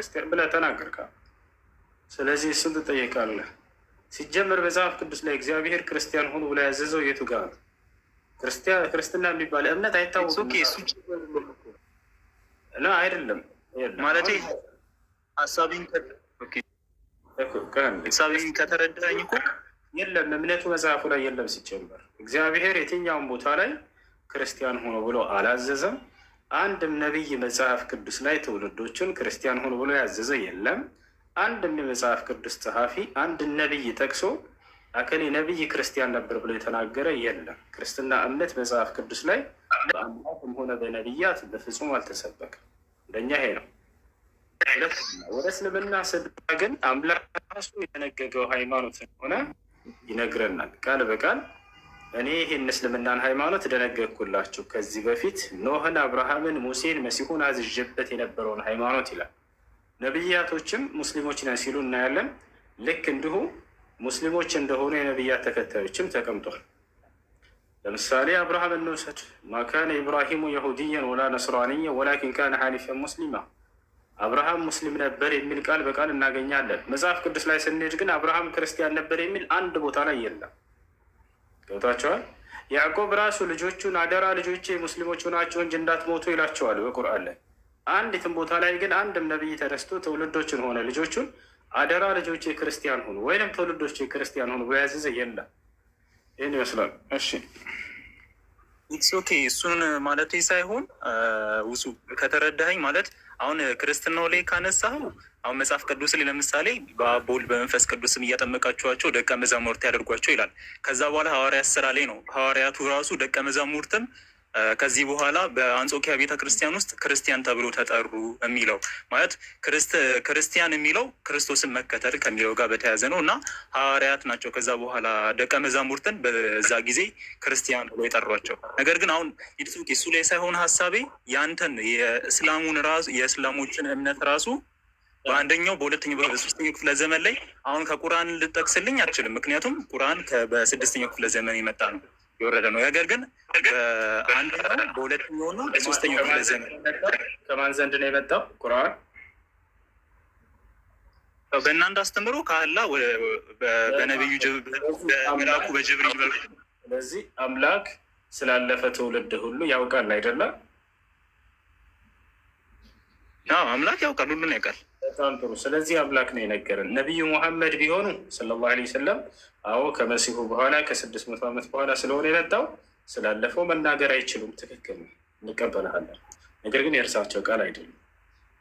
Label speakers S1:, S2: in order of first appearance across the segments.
S1: ክርስቲያን ብለህ ተናገርካ። ስለዚህ እሱን ትጠይቃለህ። ሲጀመር መጽሐፍ ቅዱስ ላይ እግዚአብሔር ክርስቲያን ሁኑ ብሎ ያዘዘው የቱ ጋር ነው? ክርስትና የሚባል እምነት አይታወቅም አይደለም።
S2: ማለት ሀሳቤን ከተረዳኝ እኮ
S1: የለም እምነቱ መጽሐፉ ላይ የለም። ሲጀመር እግዚአብሔር የትኛውን ቦታ ላይ ክርስቲያን ሆኖ ብሎ አላዘዘም። አንድም ነቢይ መጽሐፍ ቅዱስ ላይ ትውልዶችን ክርስቲያን ሁኑ ብሎ ያዘዘ የለም። አንድም የመጽሐፍ ቅዱስ ጸሐፊ አንድ ነቢይ ጠቅሶ አከሌ ነቢይ ክርስቲያን ነበር ብሎ የተናገረ የለም። ክርስትና እምነት መጽሐፍ ቅዱስ ላይ በአምላክም ሆነ በነቢያት በፍጹም አልተሰበከም። እንደኛ ይሄ ነው። ወደ እስልምና ስድራ ግን አምላክ ራሱ የደነገገው ሃይማኖት ሆነ ይነግረናል ቃል በቃል እኔ ይህን እስልምናን ሃይማኖት ደነገግኩላችሁ ከዚህ በፊት ኖህን፣ አብርሃምን፣ ሙሴን፣ መሲሁን አዝዤበት የነበረውን ሃይማኖት ይላል። ነቢያቶችም ሙስሊሞች ነን ሲሉ እናያለን። ልክ እንዲሁ ሙስሊሞች እንደሆኑ የነቢያት ተከታዮችም ተቀምጧል። ለምሳሌ አብርሃም እንውሰድ። ማካነ ኢብራሂሙ የሁድየን ወላ ነስራንየ ወላኪን ካነ ሐኒፈን ሙስሊማ። አብርሃም ሙስሊም ነበር የሚል ቃል በቃል እናገኛለን። መጽሐፍ ቅዱስ ላይ ስንሄድ ግን አብርሃም ክርስቲያን ነበር የሚል አንድ ቦታ ላይ የለም። ገብቷቸዋል። ያዕቆብ ራሱ ልጆቹን አደራ ልጆቼ ሙስሊሞች ሆናችሁ እንጂ እንዳትሞቱ ይላቸዋል በቁርአን ላይ። አንዲትም ቦታ ላይ ግን አንድም ነቢይ ተነስቶ ትውልዶችን ሆነ ልጆቹን አደራ ልጆቼ ክርስቲያን ሆኑ ወይም ትውልዶች ክርስቲያን ሆኑ በያዘዘ የለም። ይህን ይመስላል።
S2: እሺ ኢትስ ኦኬ። እሱን ማለቴ ሳይሆን ውሱ ከተረዳኸኝ ማለት አሁን ክርስትናው ላይ ካነሳው አሁን መጽሐፍ ቅዱስ ላይ ለምሳሌ በአብ በወልድ በመንፈስ ቅዱስም እያጠመቃችኋቸው ደቀ መዛሙርት ያደርጓቸው ይላል። ከዛ በኋላ ሐዋርያት ስራ ላይ ነው ሐዋርያቱ ራሱ ደቀ መዛሙርትም ከዚህ በኋላ በአንጾኪያ ቤተ ክርስቲያን ውስጥ ክርስቲያን ተብሎ ተጠሩ የሚለው ማለት ክርስቲያን የሚለው ክርስቶስን መከተል ከሚለው ጋር በተያያዘ ነው እና ሐዋርያት ናቸው ከዛ በኋላ ደቀ መዛሙርትን በዛ ጊዜ ክርስቲያን ብሎ የጠሯቸው። ነገር ግን አሁን ይድሱቅ እሱ ላይ ሳይሆን ሀሳቤ ያንተን የእስላሙን ራሱ የእስላሞችን እምነት ራሱ በአንደኛው በሁለተኛው በሶስተኛው ክፍለ ዘመን ላይ አሁን ከቁርአን ልጠቅስልኝ አልችልም። ምክንያቱም ቁርአን በስድስተኛው ክፍለ ዘመን የመጣ ነው። የወረደ ነው። ነገር ግን በአንደኛው በሁለተኛውና በሶስተኛው ክፍለ ዘመን
S1: ከማን ዘንድ ነው የመጣው ቁርአን?
S2: በእናንተ አስተምሮ ከአላ በነቢዩ በመላኩ በጅብሪል
S1: ስለዚህ አምላክ ስላለፈ ትውልድ ሁሉ ያውቃል አይደለም?
S2: አምላክ ያውቃል፣ ሁሉን ያውቃል።
S1: በጣም ጥሩ። ስለዚህ አምላክ ነው የነገረን። ነቢዩ ሙሐመድ ቢሆኑ ሰለላሁ ዐለይሂ ወሰለም፣ አዎ ከመሲሁ በኋላ ከስድስት መቶ ዓመት በኋላ ስለሆነ የመጣው ስላለፈው መናገር አይችሉም። ትክክል ነው፣ እንቀበልሃለን። ነገር ግን የእርሳቸው ቃል አይደለም።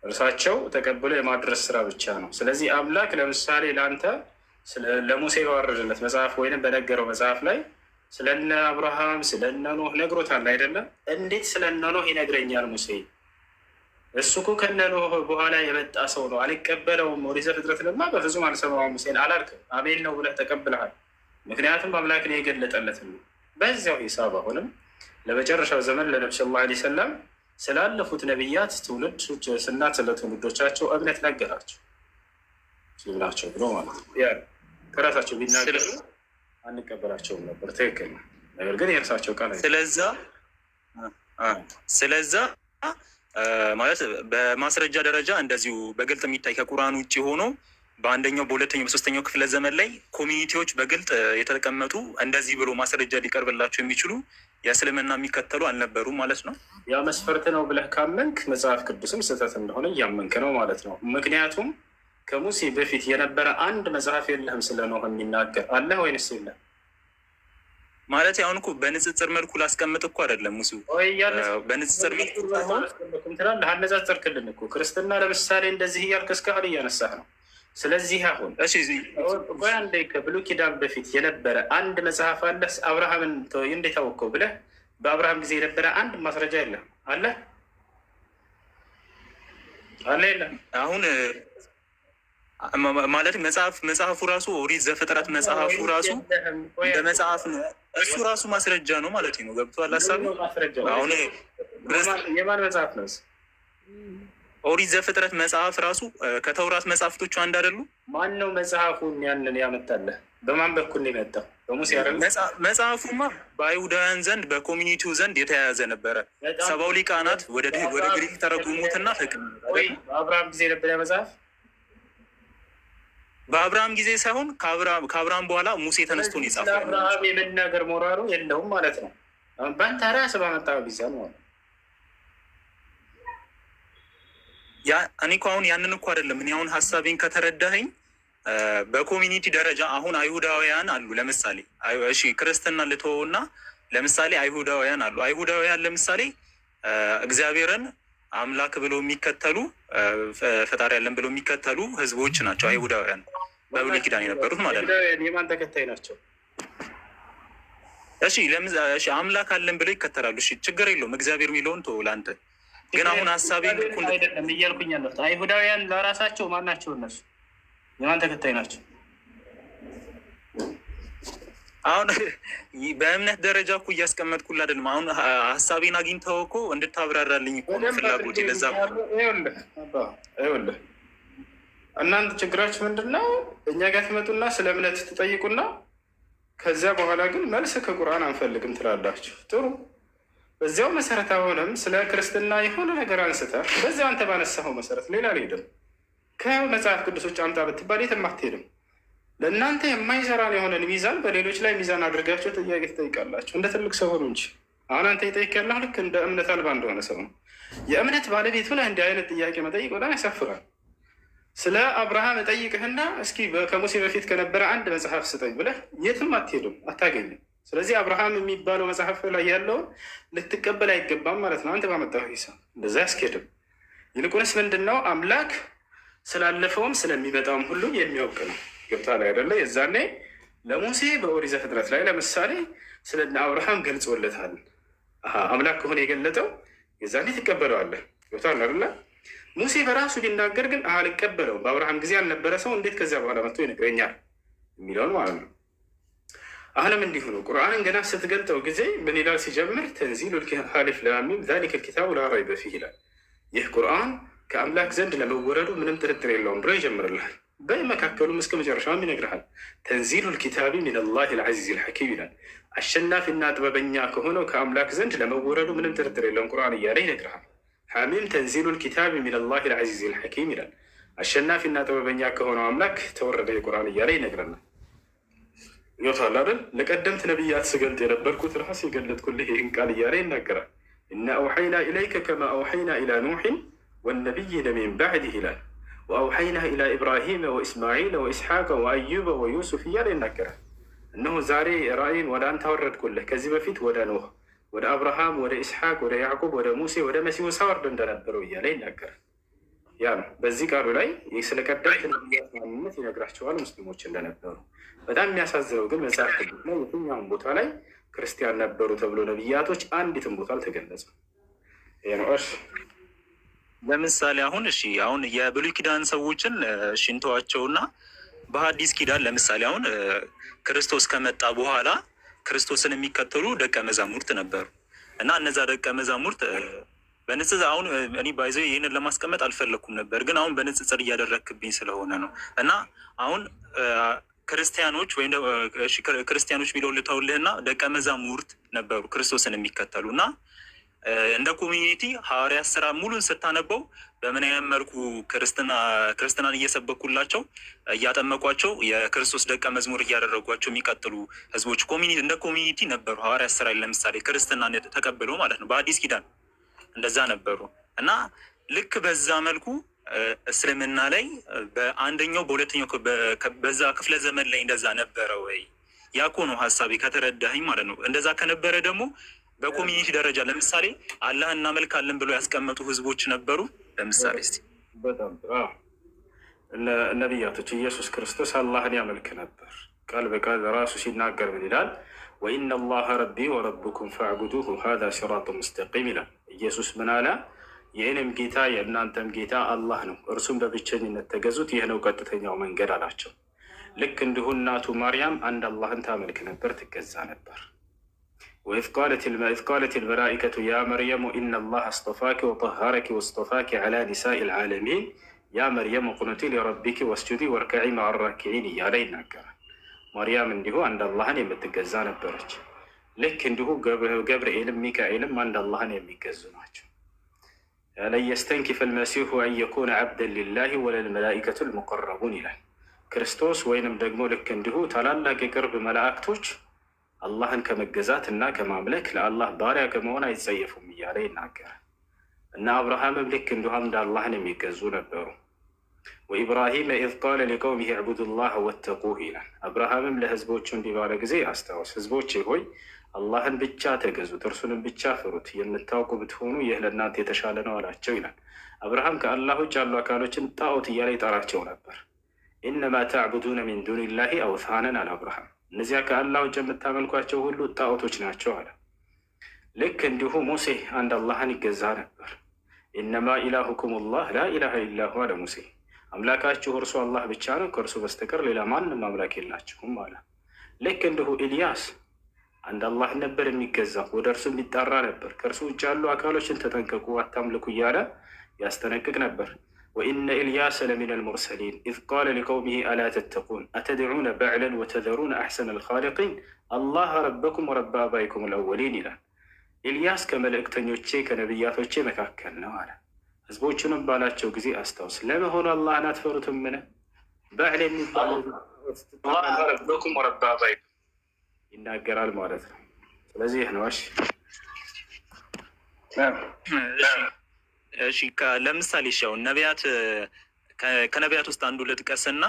S1: እርሳቸው ተቀብሎ የማድረስ ስራ ብቻ ነው። ስለዚህ አምላክ ለምሳሌ ለአንተ ለሙሴ የዋረደለት መጽሐፍ ወይንም በነገረው መጽሐፍ ላይ ስለነ አብርሃም ስለነ ኖህ ነግሮታል አይደለም? እንዴት ስለነ ኖህ ይነግረኛል ሙሴ እሱ እኮ ከነኖህ በኋላ የመጣ ሰው ነው፣ አልቀበለውም። ወደ ለማ በፍጹም አልሰማውም ሲል አላልክም። አቤል ነው ብለህ ተቀብለሃል። ምክንያቱም አምላክን የገለጠለት ነው። በዚያው ሂሳብ አሁንም ለመጨረሻው ዘመን ለነብስ ላ ለ ሰላም ስላለፉት ነቢያት ትውልድና ስለ ትውልዶቻቸው እምነት ነገራቸው ናቸው ብሎ ማለት ያ ከራሳቸው ቢናገሩ አንቀበላቸውም ነበር። ትክክል ነገር ግን የእርሳቸው ቃል
S2: ስለዛ ስለዛ ማለት በማስረጃ ደረጃ እንደዚሁ በግልጽ የሚታይ ከቁርአን ውጭ ሆኖ በአንደኛው በሁለተኛው በሶስተኛው ክፍለ ዘመን ላይ ኮሚኒቲዎች በግልጥ የተቀመጡ እንደዚህ ብሎ ማስረጃ ሊቀርብላቸው የሚችሉ የእስልምና የሚከተሉ አልነበሩም ማለት ነው።
S1: ያ መስፈርት ነው ብለህ ካመንክ መጽሐፍ ቅዱስም ስህተት እንደሆነ እያመንክ ነው ማለት ነው። ምክንያቱም ከሙሴ በፊት የነበረ አንድ መጽሐፍ የለህም ስለነው የሚናገር አለህ ወይንስ የለም?
S2: ማለት አሁን እኮ በንጽጽር መልኩ ላስቀምጥ እኮ አይደለም ሙሲ በንጽጽር መልኩ
S1: አነጻጽር ክልን እኮ ክርስትና ለምሳሌ እንደዚህ እያልክ እስከ አሁን እያነሳህ ነው። ስለዚህ አሁን አንዴ ከብሉይ ኪዳን በፊት የነበረ አንድ መጽሐፍ አለ አብርሃምን እንዴት አወቀው ብለህ በአብርሃም ጊዜ የነበረ አንድ ማስረጃ የለም አለ አለ የለም
S2: አሁን ማለት መጽሐፍ መጽሐፉ ራሱ ኦሪት ዘፍጥረት መጽሐፉ ራሱ እንደ መጽሐፍ ነው። እሱ ራሱ ማስረጃ ነው ማለት ነው። ገብቶሃል ሀሳብ አሁን
S1: የማን መጽሐፍ ነው?
S2: ኦሪት ዘፍጥረት መጽሐፍ ራሱ ከተውራት መጽሐፍቶቹ አንድ አይደሉ?
S1: ማን ነው መጽሐፉን ያንን ያመጣለህ? በማን በኩል ነው የመጣው? በሙሴ
S2: መጽሐፉማ በአይሁዳውያን ዘንድ በኮሚኒቲው ዘንድ የተያያዘ ነበረ። ሰባው ሊቃናት ወደ ግሪክ ተረጉሙትና ህቅም
S1: አብርሃም ጊዜ ነበር ያ መጽሐፍ
S2: በአብርሃም ጊዜ ሳይሆን ከአብርሃም በኋላ ሙሴ ተነስቶን የጻፈው
S1: አብርሃም የመናገር ሞራሉ የለውም ማለት ነው። በአንተ ራስ ባመጣ ጊዜ ማለት
S2: እኔ እኮ አሁን ያንን እኮ አይደለም። እኔ አሁን ሀሳቤን ከተረዳኸኝ በኮሚኒቲ ደረጃ አሁን አይሁዳውያን አሉ። ለምሳሌ እሺ፣ ክርስትና ልትወውና ለምሳሌ አይሁዳውያን አሉ። አይሁዳውያን ለምሳሌ እግዚአብሔርን አምላክ ብሎ የሚከተሉ ፈጣሪ ያለን ብሎ የሚከተሉ ህዝቦች ናቸው አይሁዳውያን። በብሉይ ኪዳን የነበሩት ማለት
S1: ነው። የማን ተከታይ ናቸው?
S2: እሺ አምላክ አለን ብለው ይከተላሉ። እሺ ችግር የለውም። እግዚአብሔር የሚለውን ቶ ለአንተ ግን አሁን ሀሳቤ አይደለም
S1: እያልኩኝ ያለሁት አይሁዳውያን ለራሳቸው ማን ናቸው? እነሱ የማን ተከታይ ናቸው?
S2: አሁን በእምነት ደረጃ እኮ እያስቀመጥኩልህ አይደለም። አሁን ሀሳቤን አግኝተኸው እኮ እንድታብራራልኝ እኮ ነው ፍላጎቴ። ለዛ
S1: ይኸውልህ እናንተ ችግራችሁ ምንድን ነው? እኛ ጋር ትመጡና ስለ እምነት ትጠይቁና ከዚያ በኋላ ግን መልስ ከቁርአን አንፈልግም ትላላችሁ። ጥሩ በዚያው መሰረት አሁንም ስለ ክርስትና የሆነ ነገር አንስተ በዚያ አንተ ባነሳኸው መሰረት ሌላ አልሄድም ከያው ቅዱሶች አምጣ ብትባል የትም አትሄድም። ለእናንተ የማይሰራን የሆነን ሚዛን በሌሎች ላይ ሚዛን አድርጋቸው ጥያቄ ትጠይቃላችሁ። እንደ ትልቅ ሰው ሆኑ እንጂ አሁን አንተ የጠይቅ ልክ እንደ እምነት አልባ እንደሆነ ሰው ነው። የእምነት ባለቤቱ ላይ እንዲህ አይነት ጥያቄ መጠይቅ በጣም ያሳፍራል። ስለ አብርሃም እጠይቅህና እስኪ ከሙሴ በፊት ከነበረ አንድ መጽሐፍ ስጠኝ ብለህ የትም አትሄዱም፣ አታገኝም። ስለዚህ አብርሃም የሚባለው መጽሐፍ ላይ ያለውን ልትቀበል አይገባም ማለት ነው። አንተ ባመጣው ሂሳብ እንደዛ ያስኬድም። ይልቁንስ ምንድን ነው አምላክ ስላለፈውም ስለሚመጣውም ሁሉ የሚያውቅ ነው። ገብታ ላይ አይደለ? የዛኔ ለሙሴ በኦሪት ዘፍጥረት ላይ ለምሳሌ ስለ አብርሃም ገልጾለታል። አምላክ ከሆነ የገለጠው የዛኔ ትቀበለዋለህ። ገብታ አይደለ? ሙሴ በራሱ ቢናገር ግን አልቀበለውም። በአብርሃም ጊዜ ያልነበረ ሰው እንዴት ከዚያ በኋላ መጥቶ ይነግረኛል የሚለውን ማለት ነው። አሁንም እንዲሁ ነው። ቁርአንን ገና ስትገልጠው ጊዜ ምን ይላል ሲጀምር? ተንዚሉ አሊፍ ላም ዛሊከ ልኪታቡ ላ ረይበ ፊህ ይላል። ይህ ቁርአን ከአምላክ ዘንድ ለመወረዱ ምንም ጥርጥር የለውም ብሎ ይጀምርልሃል። በመካከሉም እስከ መጨረሻም ይነግርሃል። ተንዚሉ ልኪታቢ ምን ላህ ልዓዚዝ ልሐኪም ይላል። አሸናፊና ጥበበኛ ከሆነው ከአምላክ ዘንድ ለመወረዱ ምንም ጥርጥር የለውም ቁርአን እያለ ይነግርሃል። ሐሚም ተንዚሉ ልኪታብ ሚን አላህ ልዓዚዝ ልሐኪም ይላል። አሸናፊና ጥበበኛ ከሆነው አምላክ ተወረደ የቁርአን እያለ ይነግረናል። ገብቷል አይደል? ለቀደምት ነቢያት ስገልጥ የነበርኩት ራስ የገለጥኩልህ ይህን ቃል እያለ ይናገራል። እና አውሐይና ኢለይከ ከማ አውሐይና ኢላ ኑሕን ወነቢይነ ሚን ባዕድህ ይላል። ወአውሐይና ኢላ ኢብራሂመ ወእስማዒል ወኢስሐቀ ወአዩበ ወዩሱፍ እያለ ይናገራል። እነሆ ዛሬ ራእይን ወደ አንተ አወረድኩልህ ከዚህ በፊት ወደ ኖህ ወደ አብርሃም፣ ወደ ኢስሐቅ፣ ወደ ያዕቁብ፣ ወደ ሙሴ፣ ወደ መሲሁ ሳወርድ እንደነበረው እያለ ይናገራል። ያ ነው። በዚህ ቃሉ ላይ ስለ ቀዳሽ ነቢያት ማንነት ይነግራቸዋል ሙስሊሞች እንደነበሩ። በጣም የሚያሳዝነው ግን መጽሐፍ ቅዱስ ላይ የትኛውም ቦታ ላይ ክርስቲያን ነበሩ ተብሎ ነቢያቶች አንዲትም ቦታ አልተገለጸም። ይሄ ነው
S2: ለምሳሌ አሁን እሺ አሁን የብሉይ ኪዳን ሰዎችን ሽንተዋቸውና በሐዲስ ኪዳን ለምሳሌ አሁን ክርስቶስ ከመጣ በኋላ ክርስቶስን የሚከተሉ ደቀ መዛሙርት ነበሩ እና እነዛ ደቀ መዛሙርት በንጽጽ አሁን እኔ ባይዘ ይህንን ለማስቀመጥ አልፈለግኩም ነበር፣ ግን አሁን በንጽጽር እያደረግክብኝ ስለሆነ ነው እና አሁን ክርስቲያኖች ወይም ክርስቲያኖች ቢለው ልተውልህና ደቀ መዛሙርት ነበሩ ክርስቶስን የሚከተሉ እና እንደ ኮሚኒቲ ሐዋርያት ስራ ሙሉን ስታነበው በምን አይነት መልኩ ክርስትናን እየሰበኩላቸው እያጠመቋቸው የክርስቶስ ደቀ መዝሙር እያደረጓቸው የሚቀጥሉ ህዝቦች ኮሚኒቲ እንደ ኮሚኒቲ ነበሩ። ሐዋርያት ስራ ለምሳሌ ክርስትናን ተቀብለው ማለት ነው በአዲስ ኪዳን እንደዛ ነበሩ እና ልክ በዛ መልኩ እስልምና ላይ በአንደኛው በሁለተኛው በዛ ክፍለ ዘመን ላይ እንደዛ ነበረ ወይ? ያኮ ነው ሀሳቤ ከተረዳኸኝ ማለት ነው። እንደዛ ከነበረ ደግሞ በኮሚኒቲ ደረጃ ለምሳሌ አላህ እናመልካለን ብለው ያስቀመጡ ህዝቦች ነበሩ። ለምሳሌ እስኪ
S1: በጣም ነቢያቶች ኢየሱስ ክርስቶስ አላህን ያመልክ ነበር። ቃል በቃል ራሱ ሲናገር ምን ይላል? ወኢነ አላህ ረቢ ወረብኩም ፈዕቡዱሁ ሃዛ ሲራጡ ሙስተቂም ይላል። ኢየሱስ ምን አለ? የእኔም ጌታ የእናንተም ጌታ አላህ ነው፣ እርሱም በብቸኝነት ተገዙት፣ ይህ ነው ቀጥተኛው መንገድ አላቸው። ልክ እንዲሁ እናቱ ማርያም አንድ አላህን ታመልክ ነበር፣ ትገዛ ነበር። ወኢዝ ቃለት ልመላኢከቱ ያ መርየሙ ኢና ላህ አስጠፋኪ ወጠሃረኪ ወስጠፋኪ ዐላ ኒሳኢ ልዓለሚን ያ መርየም ቁኑቲ ሊረቢኪ ወስጁዲ ወርከዒ ማዕራኪዒን እያለ ይናገራል። ማርያም እንዲሁ አንድ አላህን የምትገዛ ነበረች። ልክ እንዲሁ ገብርኤልም ሚካኤልም አንድ አላህን የሚገዙ ናቸው። ለየስተንኪፈ ልመሲሑ አን የኩነ ዓብደን ሊላሂ ወለልመላኢከቱ ልሙቀረቡን ይላል ክርስቶስ። ወይንም ደግሞ ልክ እንዲሁ ታላላቅ የቅርብ መላእክቶች አላህን ከመገዛት እና ከማምለክ ለአላህ ባሪያ ከመሆን አይጸየፉም እያለ ይናገራል። እና አብርሃምም ልክ እንደ አላህን የሚገዙ ነበሩ። ወኢብራሂም ኢዝ ቃለ ሊቀውሚሂ ዕቡዱላህ ወተቁሁ ይላል። አብርሃምም ለህዝቦቹ እንዲህ ባለ ጊዜ አስታውስ፣ ህዝቦቼ ሆይ አላህን ብቻ ተገዙት፣ እርሱንም ብቻ ፍሩት፣ የምታውቁ ብትሆኑ ይህ ለእናንተ የተሻለ ነው አላቸው ይላል። አብርሃም ከአላህ ውጭ ያሉ አካሎችን ጣዖት እያለ ይጠራቸው ነበር። ኢነማ ተዕቡዱነ ሚን ዱንላሂ አውሳነን አለ አብርሃም እነዚያ ከአላህ ውጭ የምታመልኳቸው ሁሉ ጣዖቶች ናቸው አለ። ልክ እንዲሁ ሙሴ አንድ አላህን ይገዛ ነበር። ኢነማ ኢላሁኩም ላህ ላ ኢላሃ ኢላሁ አለ ሙሴ። አምላካችሁ እርሱ አላህ ብቻ ነው፣ ከእርሱ በስተቀር ሌላ ማንም አምላክ የላችሁም አለ። ልክ እንዲሁ ኢልያስ አንድ አላህ ነበር የሚገዛ ወደ እርሱ የሚጠራ ነበር። ከእርሱ ውጭ ያሉ አካሎችን ተጠንቀቁ፣ አታምልኩ እያለ ያስጠነቅቅ ነበር። ወኢነ ኢልያስ ለሚን አልሙርሰሊን ኢዝ ቃለ ሊቀውሚሂ አላ ተተቁን አተድዑነ በዕለን ወተዘሩነ አሕሰነ አልኻሊቂን አላህ ረበኩም ወረበ አባይኩም አልአወሊን ይላል። ኤልያስ ከመልእክተኞቼ ከነቢያቶቼ መካከል ነው አለ። ህዝቦቹንም ባላቸው ጊዜ አስታውስ። ለመሆኑ አላህን አትፈሩትምን? በዕል የሚባለው ረበኩም አባይኩም ይናገራል ማለት ነው። ስለዚህ ነው እሺ
S2: እሺ ለምሳሌ ሻው ነቢያት ከነቢያት ውስጥ አንዱ ልጥቀስና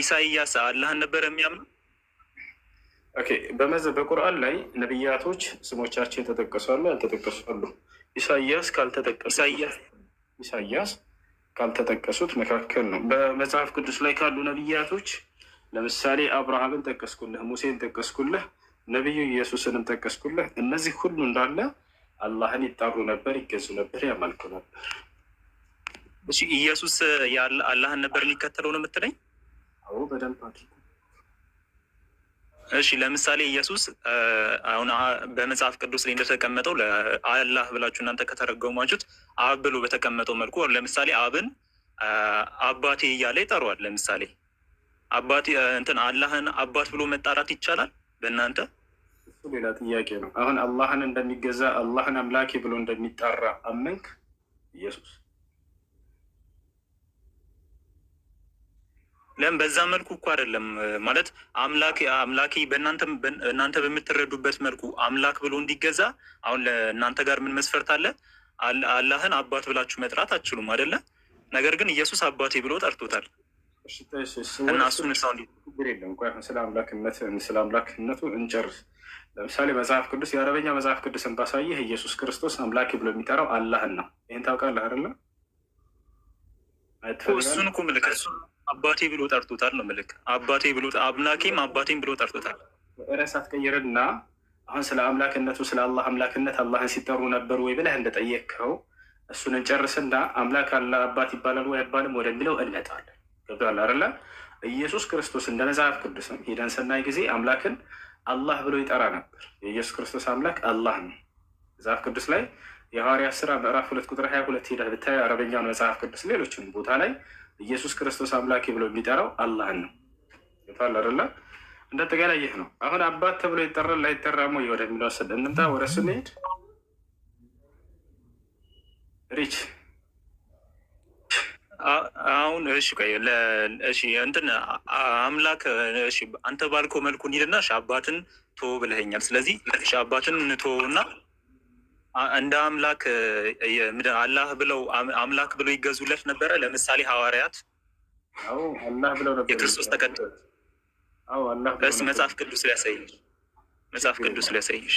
S2: ኢሳይያስ አላህን ነበር የሚያምነው።
S1: ኦኬ በመዘ በቁርአን ላይ ነቢያቶች ስሞቻቸው ተጠቀሳሉ ያልተጠቀሳሉ። ኢሳይያስ ካልተጠቀሱ ኢሳይያስ ካልተጠቀሱት መካከል ነው።
S2: በመጽሐፍ ቅዱስ ላይ ካሉ ነቢያቶች ለምሳሌ አብርሃምን ጠቀስኩልህ፣ ሙሴን ጠቀስኩልህ፣ ነቢዩ ኢየሱስንም ጠቀስኩልህ። እነዚህ ሁሉ እንዳለ አላህን ይጣሩ ነበር፣ ይገዙ ነበር፣ ያመልኩ ነበር። እሺ ኢየሱስ አላህን ነበር ሊከተለው ነው የምትለኝ?
S1: አዎ በደንብ አድርጎ።
S2: እሺ ለምሳሌ ኢየሱስ አሁን በመጽሐፍ ቅዱስ ላይ እንደተቀመጠው አላህ ብላችሁ እናንተ ከተረገሟችሁት አብ ብሎ በተቀመጠው መልኩ ለምሳሌ አብን አባቴ እያለ ይጠሯል ለምሳሌ አባቴ እንትን አላህን አባት ብሎ መጣራት ይቻላል በእናንተ
S1: ሌላ ጥያቄ ነው። አሁን አላህን እንደሚገዛ አላህን አምላኬ ብሎ እንደሚጠራ አመንክ? ኢየሱስ
S2: ለምን በዛ መልኩ እኮ አይደለም ማለት አምላኬ አምላኬ በእናንተ በምትረዱበት መልኩ አምላክ ብሎ እንዲገዛ አሁን ለእናንተ ጋር ምን መስፈርት አለ? አላህን አባት ብላችሁ መጥራት አትችሉም አይደለ? ነገር ግን ኢየሱስ አባቴ ብሎ ጠርቶታል። እና እሱን ሰው እንዲ
S1: ችግር የለም። እንኳ አሁን ስለ አምላክነት ስለ አምላክነቱ እንጨርስ። ለምሳሌ መጽሐፍ ቅዱስ የአረበኛ መጽሐፍ ቅዱስን ባሳየህ ኢየሱስ ክርስቶስ አምላኬ ብሎ የሚጠራው አላህን ነው። ይህን ታውቃለህ አይደለ?
S2: እሱን እኮ ምልክ አባቴ ብሎ ጠርቶታል ነው ምልክ አባቴ ብሎ አምላኬም አባቴም ብሎ ጠርቶታል።
S1: ርዕስ አትቀይርና አሁን ስለ አምላክነቱ ስለ አላህ አምላክነት አላህን ሲጠሩ ነበር ወይ ብለህ እንደጠየቅከው እሱን እንጨርስና አምላክ አለ አባት ይባላል ወይ አይባልም ወደሚለው እንመጣለን። ገብተዋል አይደለ? ኢየሱስ ክርስቶስ እንደ መጽሐፍ ቅዱስም ሄደን ስናይ ጊዜ አምላክን አላህ ብሎ ይጠራ ነበር። የኢየሱስ ክርስቶስ አምላክ አላህ ነው። መጽሐፍ ቅዱስ ላይ የሐዋርያት ስራ ምዕራፍ ሁለት ቁጥር ሀያ ሁለት ሄደህ ብታይ አረበኛውን መጽሐፍ ቅዱስ ሌሎችን ቦታ ላይ ኢየሱስ ክርስቶስ አምላክ ብሎ የሚጠራው አላህን ነው። ገብተዋል አይደለ? እንደጠቃላይ ይህ ነው። አሁን አባት ተብሎ ይጠራል ላይጠራ ሞ ወደሚለው ስል እንምጣ። ወደ እሱ ሪች
S2: አሁን እሺ ቆይ እሺ እንትን አምላክ እሺ አንተ ባልኮ መልኩ እንሂድና አባትን ቶ ብለኸኛል። ስለዚህ አባትን ንቶ እና እንደ አምላክ አላህ ብለው አምላክ ብለው ይገዙለት ነበረ። ለምሳሌ ሐዋርያት አላህ ብለው ነበር የክርስቶስ ተከታይ ስ መጽሐፍ ቅዱስ ሊያሳይሽ መጽሐፍ ቅዱስ ሊያሳይሽ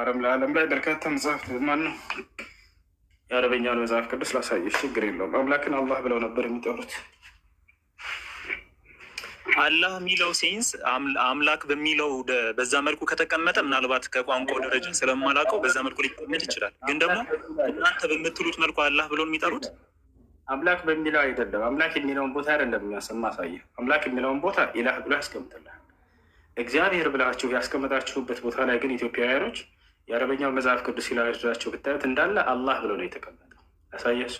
S1: አረም ለዓለም ላይ በርካታ መጽሐፍ ማን ነው የአረበኛውን መጽሐፍ ቅዱስ ላሳየሽ፣ ችግር የለውም። አምላክን አላህ ብለው ነበር የሚጠሩት።
S2: አላህ የሚለው ሴንስ አምላክ በሚለው በዛ መልኩ ከተቀመጠ ምናልባት ከቋንቋው ደረጃ ስለማላውቀው በዛ መልኩ ሊቀመጥ ይችላል። ግን ደግሞ እናንተ በምትሉት መልኩ አላህ ብለው የሚጠሩት
S1: አምላክ በሚለው አይደለም። አምላክ የሚለውን ቦታ አይደለም የማሳየው። አምላክ የሚለውን ቦታ ኢላህ ብሎ ያስቀምጥልሃል። እግዚአብሔር ብላችሁ ያስቀመጣችሁበት ቦታ ላይ ግን ኢትዮጵያውያኖች የአረበኛው መጽሐፍ ቅዱስ ሲላቸው ብታዩት እንዳለ አላህ ብሎ ነው የተቀመጠው። ያሳያሱ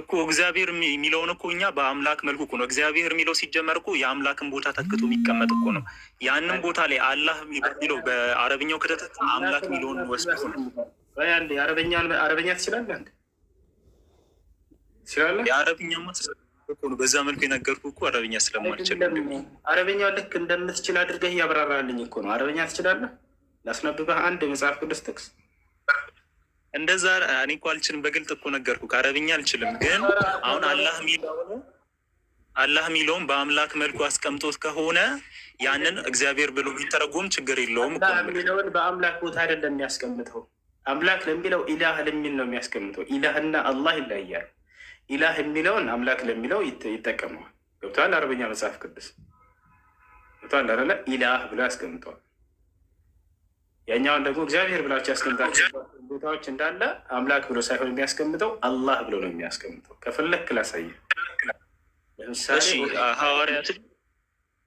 S2: እኮ እግዚአብሔር የሚለውን እኮ እኛ በአምላክ መልኩ እኮ ነው እግዚአብሔር የሚለው ሲጀመር እኮ የአምላክን ቦታ ተክቶ የሚቀመጥ እኮ ነው። ያንን ቦታ ላይ አላህ የሚለው በአረብኛው ከተተካ አምላክ የሚለውን ወስዶ
S1: አረበኛ ትችላለህ።
S2: ነው። በዛ መልኩ የነገርኩ እኮ አረብኛ ስለማልችል
S1: አረበኛ ልክ እንደምትችል አድርገህ እያብራራልኝ እኮ ነው። አረበኛ ትችላለህ? ላስነብበህ አንድ የመጽሐፍ ቅዱስ ጥቅስ።
S2: እንደዛ እኔ እኮ አልችልም። በግልጥ እኮ ነገርኩ፣ ከአረብኛ አልችልም። ግን አሁን አላህ የሚለውን አላህ የሚለውን በአምላክ መልኩ አስቀምጦት ከሆነ ያንን እግዚአብሔር ብሎ ቢተረጎም ችግር የለውም።
S1: የሚለውን በአምላክ ቦታ አይደለም የሚያስቀምጠው። አምላክ ለሚለው ኢላህ ለሚል ነው የሚያስቀምጠው። ኢላህና አላህ ይለያያል። ኢላህ የሚለውን አምላክ ለሚለው ይጠቀመዋል። ገብተዋል። አረበኛ መጽሐፍ ቅዱስ ገብተዋል አለ ኢላህ ብሎ ያስቀምጠዋል። ያኛውን ደግሞ እግዚአብሔር ብላችሁ ያስቀምጣችሁ ቦታዎች እንዳለ አምላክ ብሎ ሳይሆን የሚያስቀምጠው አላህ ብሎ ነው የሚያስቀምጠው። ከፈለክ ላሳየህ።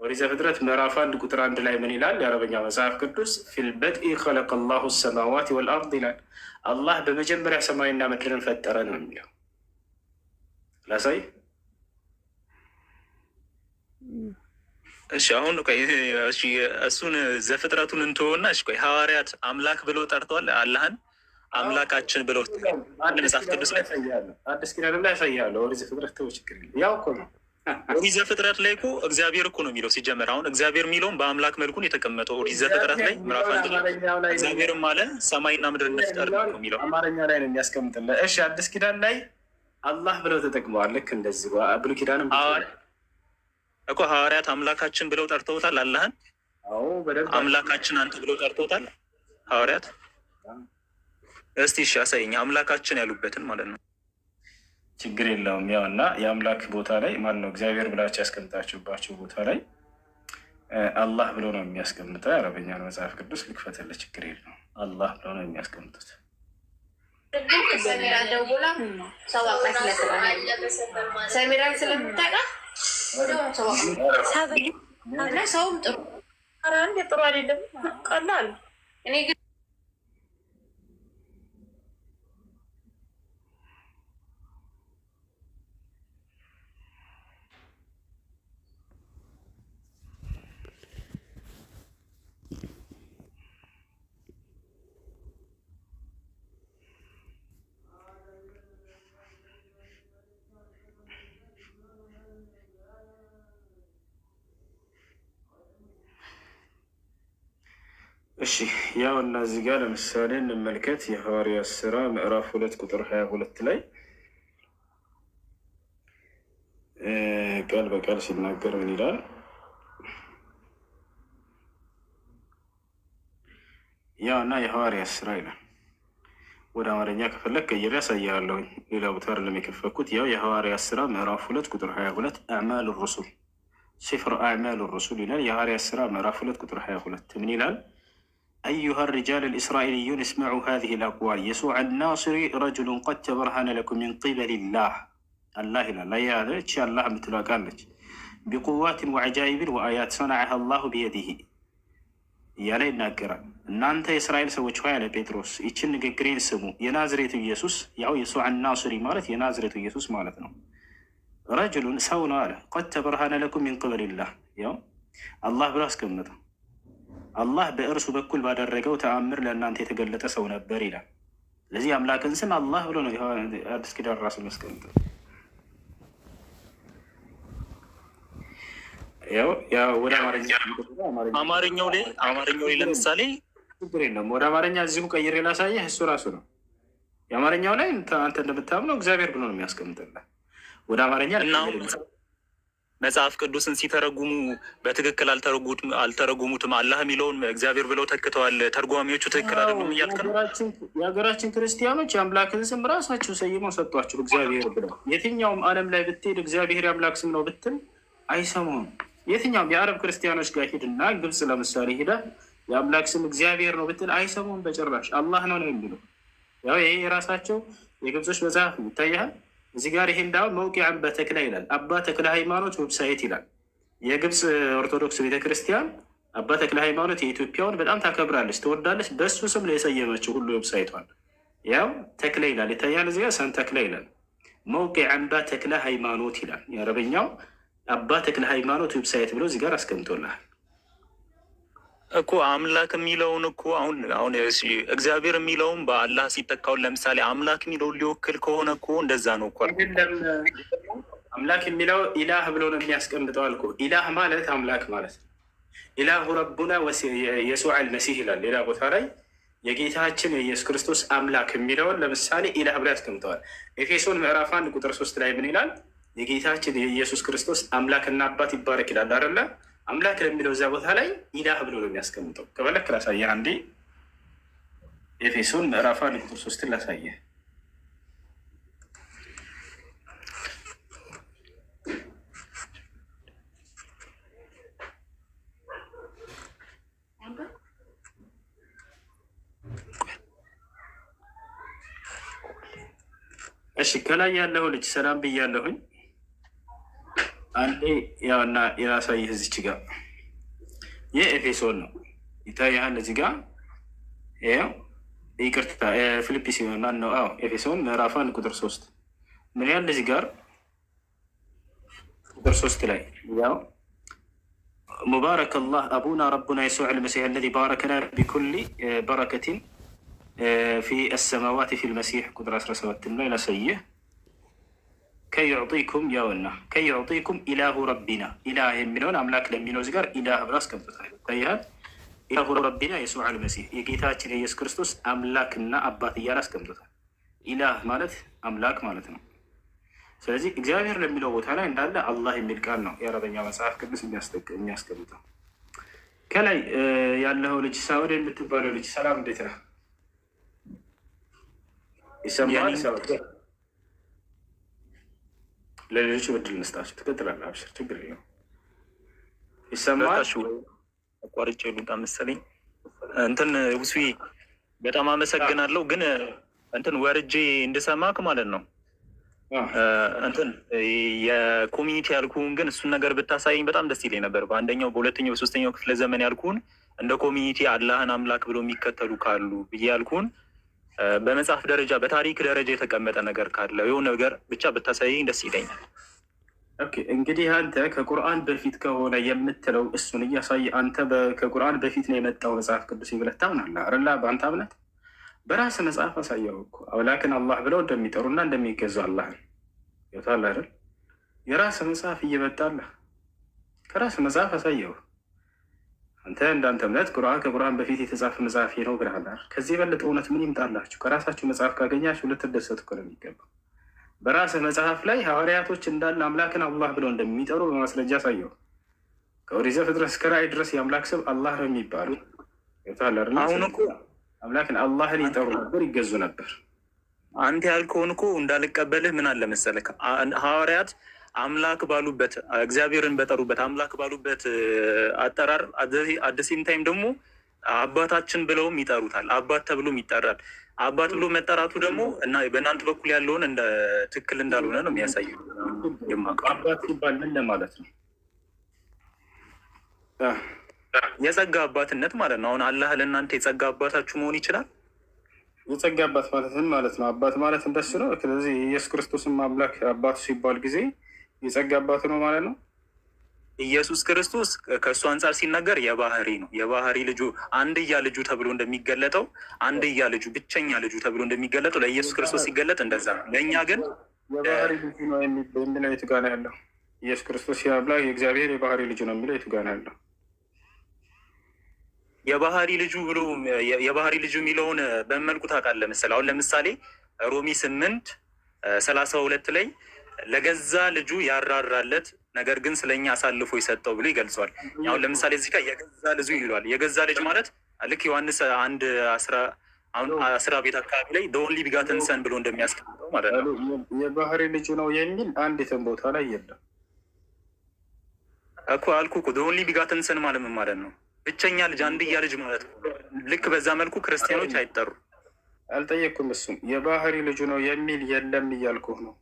S1: ኦሪት ዘፍጥረት ምዕራፍ አንድ ቁጥር አንድ ላይ ምን ይላል? የአረበኛ መጽሐፍ ቅዱስ ፊልበድኢ ኸለቀ ላሁ ሰማዋት ወልአርድ ይላል። አላህ በመጀመሪያ ሰማይና ምድርን ፈጠረ ነው የሚለው ላሳይ።
S2: እሺ አሁን ቆይ እሱን ዘፍጥረቱን እንትሆና እሺ ቆይ ሐዋርያት አምላክ ብሎ ጠርተዋል። አላህን አምላካችን ብሎ
S1: መጽሐፍ ቅዱስ ላይ አዲስ ኪዳን ላይ ያሳያለሁ። ወደ ዘፍጥረት ተው ችግር ያው እኮ ነው።
S2: ኦሪት ዘፍጥረት ላይ እኮ እግዚአብሔር እኮ ነው የሚለው ሲጀመር። አሁን እግዚአብሔር የሚለውን በአምላክ መልኩን የተቀመጠው ኦሪት ዘፍጥረት ላይ ምዕራፍ አንድ እግዚአብሔርም አለ ሰማይና ምድር እንፍጠር ነው የሚለው።
S1: አማርኛ ላይ ነው የሚያስቀምጥልህ። እሺ አዲስ ኪዳን ላይ አላህ ብለው ተጠቅመዋል። ልክ እንደዚህ ብሉይ ኪዳንም
S2: እኮ ሐዋርያት አምላካችን ብለው ጠርተውታል። አላህን አምላካችን አንተ ብለው ጠርተውታል ሐዋርያት። እስቲ እሺ አሳይኝ፣ አምላካችን ያሉበትን ማለት ነው።
S1: ችግር የለውም። ያው እና የአምላክ ቦታ ላይ ማለት ነው እግዚአብሔር ብላችሁ ያስቀምጣችሁባቸው ቦታ ላይ አላህ ብሎ ነው የሚያስቀምጠው። የአረበኛን መጽሐፍ ቅዱስ ልክፈትልህ፣ ችግር የለውም። አላህ ብሎ ነው የሚያስቀምጡት። ደውላ ሰው አውቃት ሰሚራን ስለምታውቃት ሰውም ጥሩ ጥሩ አይደለም ቀላል እኔ ግን እሺ ያው እና እዚህ ጋር ለምሳሌ እንመልከት የሐዋርያት ስራ ምዕራፍ ሁለት ቁጥር ሀያ ሁለት ላይ ቃል በቃል ሲናገር ምን ይላል? ያው እና የሐዋርያት ስራ ይላል። ወደ አማርኛ ከፈለግ ቀይሬ ያሳያለሁኝ። ሌላ ቦታ አይደለም የከፈኩት። ያው የሐዋርያት ስራ ምዕራፍ ሁለት ቁጥር ሀያ ሁለት አዕማል ሩሱል ሲፍር አዕማል ሩሱል ይላል። የሐዋርያት ስራ ምዕራፍ ሁለት ቁጥር ሀያ ሁለት ምን ይላል? አዩሃ ሪጃል ልእስራኤልዩን እስመዑ ሃዚህ ልአቅዋል የሱዕ ናስሪ ረጅሉን ቀድ ተበርሃነ ለኩም ምን ቂበልላህ አላህ ይላል አያለች አላህ የምትለቃለች ቢቁዋትን ወዐጃኢብን ወአያት ሰናዐሃ ላሁ ብየዲህ እያለ ይናገራል። እናንተ የእስራኤል ሰዎች ሆይ አለ ጴጥሮስ ይችን ንግግሬን ስሙ። የናዝሬቱ ኢየሱስ ያው የሱዕ ናስሪ ማለት የናዝሬቱ ኢየሱስ ማለት ነው። ረጅሉን ሰው ነው አለ ቀድ ተበርሃነ ለኩም ምን ቂበልላህ ያው አላህ ብሎ አስቀምጠው አላህ በእርሱ በኩል ባደረገው ተአምር ለእናንተ የተገለጠ ሰው ነበር ይላል። ስለዚህ አምላክን ስም አላህ ብሎ ነው አዲስ ኪዳን ራሱ የሚያስቀምጠው። ወደ
S2: አማርኛው ላይ አማርኛው ላይ ለምሳሌ
S1: ችግር የለም። ወደ አማርኛ እዚሁ ቀይሬ ላሳየህ። እሱ ራሱ ነው የአማርኛው ላይ አንተ እንደምታምነው እግዚአብሔር ብሎ ነው የሚያስቀምጥልህ ወደ አማርኛ
S2: መጽሐፍ ቅዱስን ሲተረጉሙ በትክክል አልተረጉሙትም። አላህ የሚለውን እግዚአብሔር ብለው ተክተዋል። ተርጓሚዎቹ ትክክል አይደሉም እያልክ ነው።
S1: የሀገራችን ክርስቲያኖች የአምላክን ስም ራሳቸው ሰይመው ሰጧቸው። እግዚአብሔር ብለው የትኛውም ዓለም ላይ ብትሄድ እግዚአብሔር የአምላክ ስም ነው ብትል አይሰማውም። የትኛውም የአረብ ክርስቲያኖች ጋር ሂድና ግብፅ ለምሳሌ ሂዳ የአምላክ ስም እግዚአብሔር ነው ብትል አይሰማውም በጭራሽ። አላህ ነው ነው የሚለው። ያው ይሄ የራሳቸው የግብጾች መጽሐፍ ይታያል እዚህ ጋር ይሄ እንዳሁን መውቅያን በተክለ ይላል። አባ ተክለ ሃይማኖት ዌብሳይት ይላል። የግብፅ ኦርቶዶክስ ቤተክርስቲያን አባ ተክለ ሃይማኖት የኢትዮጵያውን በጣም ታከብራለች፣ ትወዳለች። በእሱ ስም ነው የሰየመችው ሁሉ ዌብሳይቷን። ያው ተክለ ይላል ይታያል። እዚህ ጋር ሰን ተክለ ይላል። መውቂዕ አባ ተክለ ሃይማኖት ይላል። የአረበኛው አባ ተክለ ሃይማኖት ዌብሳይት ብሎ እዚህ ጋር አስቀምጦልሃል።
S2: እኮ አምላክ የሚለውን እኮ አሁን አሁን እግዚአብሔር የሚለውን በአላህ ሲተካውን ለምሳሌ አምላክ የሚለውን ሊወክል ከሆነ እኮ እንደዛ ነው እኮ።
S1: አምላክ የሚለው ኢላህ ብሎ ነው የሚያስቀምጠው አልኩ። ኢላህ ማለት አምላክ ማለት ነው። ኢላሁ ረቡና የሱዕ አልመሲህ ይላል ሌላ ቦታ ላይ የጌታችን የኢየሱስ ክርስቶስ አምላክ የሚለውን ለምሳሌ ኢላህ ብሎ ያስቀምጠዋል። ኤፌሶን ምዕራፍ አንድ ቁጥር ሶስት ላይ ምን ይላል? የጌታችን የኢየሱስ ክርስቶስ አምላክና አባት ይባረክ ይላል አይደለ? አምላክ ለሚለው እዚያ ቦታ ላይ ኢላህ ብሎ ነው የሚያስቀምጠው። ከፈለክ ላሳየህ አንዴ ኤፌሶን ምዕራፍ አንድ ቁጥር ሶስትን ላሳየ እሺ ከላይ ያለው ልጅ ሰላም ብያለሁኝ። አንዴ ያውና የራሳየ እዚች ጋር የኤፌሶን ነው ይታያል። እዚህ ጋር ይኸው ይቅርታ ፊልጵስ ሲሆን ነው። አዎ ኤፌሶን ምዕራፍ አንድ ቁጥር ሶስት ምን ያህል እዚህ ጋር ቁጥር ሶስት ላይ ያው ሙባረክ አላህ አቡና ረቡና የሱዕ ልመሲሕ አለዚ ባረከና ቢኩሊ በረከትን ፊ አሰማዋት ፊ ልመሲሕ ቁጥር አስራ ሰባትም ላይ ላሳየህ ከዩዕጢኩም ያውና ከዩዕጢኩም ኢላሁ ረቢና ኢላህ የሚለውን አምላክ ለሚለው እዚህ ጋር ኢላህ ብሎ አስቀምጦታል። ይታያል። ኢላሁ ረቢና የሱዕ አልመሲህ የጌታችን የኢየሱስ ክርስቶስ አምላክና አባት እያለ አስቀምጦታል። ኢላህ ማለት አምላክ ማለት ነው። ስለዚህ እግዚአብሔር ለሚለው ቦታ ላይ እንዳለ አላህ የሚል ቃል ነው የአረበኛ መጽሐፍ ቅዱስ የሚያስቀምጠው። ከላይ ያለው ልጅ ሳውድ የምትባለው ልጅ ሰላም፣ እንዴት ነህ? ይሰማል ለልጆች ብድል እንስጣቸው። ትቀጥላለህ። አብሽር፣ ችግር የለም። ይሰማል።
S2: አቋርጬ ልውጣ መሰለኝ። እንትን ውስዊ በጣም አመሰግናለሁ። ግን እንትን ወርጄ እንድሰማክ ማለት ነው እንትን የኮሚኒቲ ያልኩህን ግን እሱን ነገር ብታሳየኝ በጣም ደስ ይለኝ ነበር። በአንደኛው፣ በሁለተኛው፣ በሶስተኛው ክፍለ ዘመን ያልኩህን እንደ ኮሚኒቲ አላህን አምላክ ብሎ የሚከተሉ ካሉ ብዬ ያልኩህን በመጽሐፍ ደረጃ በታሪክ ደረጃ የተቀመጠ ነገር ካለ ይሁን ነገር ብቻ ብታሳየኝ ደስ ይለኛል።
S1: እንግዲህ አንተ ከቁርአን በፊት ከሆነ የምትለው እሱን እያሳየ አንተ ከቁርአን በፊት ነው የመጣው መጽሐፍ ቅዱስ ብለህ ታምናለህ አይደል? በአንተ እምነት በራስ መጽሐፍ አሳየው እኮ አምላክን አላህ ብለው እንደሚጠሩና እንደሚገዙ አላህን ይወታል አይደል? የራስ መጽሐፍ እየመጣለህ ከራስ መጽሐፍ አሳየው። አንተ እንዳንተ እምነት ቁርአን ከቁርአን በፊት የተጻፈ መጽሐፍ ነው ብለሃል። ከዚህ የበለጠ እውነት ምን ይምጣላችሁ? ከራሳችሁ መጽሐፍ ካገኛችሁ ልትደሰቱ እኮ ነው የሚገባው። በራስህ መጽሐፍ ላይ ሐዋርያቶች እንዳለ አምላክን አላህ ብለው እንደሚጠሩ በማስረጃ አሳየው። ከኦሪት ዘፍጥረት እስከ ራእይ ድረስ የአምላክ ስም አላህ ነው የሚባሉ አምላክን አላህን ይጠሩ ነበር፣ ይገዙ ነበር።
S2: አንተ ያልከውን እኮ እንዳልቀበልህ ምን አለ መሰለህ ሐዋርያት አምላክ ባሉበት እግዚአብሔርን በጠሩበት አምላክ ባሉበት አጠራር አደሴም ታይም ደግሞ አባታችን ብለውም ይጠሩታል። አባት ተብሎም ይጠራል። አባት ብሎ መጠራቱ ደግሞ እና በእናንተ በኩል ያለውን እንደ ትክክል እንዳልሆነ ነው የሚያሳየው። አባት ሲባል ምን ለማለት ነው? የጸጋ አባትነት ማለት ነው። አሁን አላህ ለእናንተ የጸጋ አባታችሁ መሆን ይችላል። የጸጋ አባት ማለት ማለት ነው። አባት ማለት እንደሱ ነው። ስለዚህ ኢየሱስ ክርስቶስም አምላክ አባቱ ሲባል ጊዜ የጸጋ አባት ነው ማለት ነው። ኢየሱስ ክርስቶስ ከእሱ አንጻር ሲናገር የባህሪ ነው። የባህሪ ልጁ አንድያ ልጁ ተብሎ እንደሚገለጠው አንድያ ልጁ ብቸኛ ልጁ ተብሎ እንደሚገለጠው ለኢየሱስ ክርስቶስ ሲገለጥ እንደዛ ነው። ለእኛ ግን የባህሪ ልጁ ነው የሚለው የቱ ጋ ነው ያለው? ኢየሱስ ክርስቶስ የአምላክ የእግዚአብሔር የባህሪ ልጁ ነው የሚለው የቱ ጋ ነው ያለው? የባህሪ ልጁ ብሎ የባህሪ ልጁ የሚለውን በመልኩ መልኩ ታውቃለህ መሰለህ? አሁን ለምሳሌ ሮሚ ስምንት ሰላሳ ሁለት ላይ ለገዛ ልጁ ያራራለት ነገር ግን ስለኛ አሳልፎ የሰጠው ብሎ ይገልጿል። አሁን ለምሳሌ እዚህ ጋር የገዛ ልጁ ይሏል። የገዛ ልጅ ማለት ልክ ዮሐንስ አንድ አስራ ቤት አካባቢ ላይ ዶንሊ ቢጋትን ሰን ብሎ እንደሚያስቀምጠው ማለት ነው። የባህሪ ልጁ ነው የሚል አንዲትን ቦታ ላይ የለም እኮ አልኩ እኮ ዶንሊ ቢጋትን ሰን ማለት ምን ማለት ነው? ብቸኛ ልጅ፣ አንድያ ልጅ ማለት ልክ በዛ መልኩ ክርስቲያኖች አይጠሩ። አልጠየቅኩም። እሱም የባህሪ ልጁ ነው የሚል የለም እያልኩህ ነው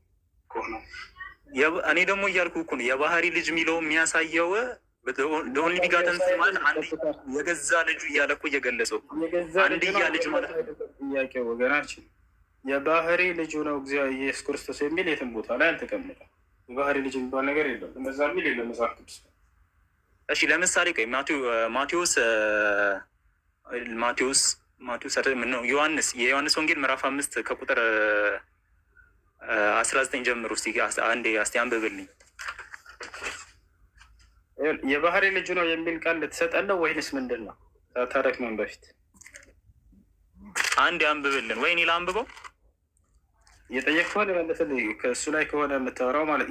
S2: እያልኩህ ነው። እኔ ደግሞ እያልኩ እኮ ነው የባህሪ ልጅ የሚለው የሚያሳየው ለኦንሊ ቢጋተን ማለት አንድ የገዛ ልጁ እያለ እኮ እየገለጸው አንድያ ልጅ ማለት ጥያቄ ወገናችን የባህሪ ልጁ ነው እግዚአብሔር ኢየሱስ ክርስቶስ የሚል የትም ቦታ ላይ አልተቀመጠም። የባህሪ ልጅ የሚባል ነገር የለም። እነዛ የሚል የለም መጽሐፍ ቅዱስ። እሺ ለምሳሌ ቆይ ማቴዎስ ማቴዎስ ማቴዎስ ምነው ዮሐንስ የዮሐንስ ወንጌል ምዕራፍ አምስት ከቁጥር አስራ ዘጠኝ ጀምሮ ስ አንዴ አስቲ አንብብልኝ። የባህሪ ልጁ ነው የሚል ቃል ልትሰጠለው ወይንስ ምንድን ነው? ታረክ ምን በፊት አንድ አንብብልን። ወይኔ ላንብበው። ከሆነ መለስልኝ። ከእሱ ላይ ከሆነ የምታወራው ማለት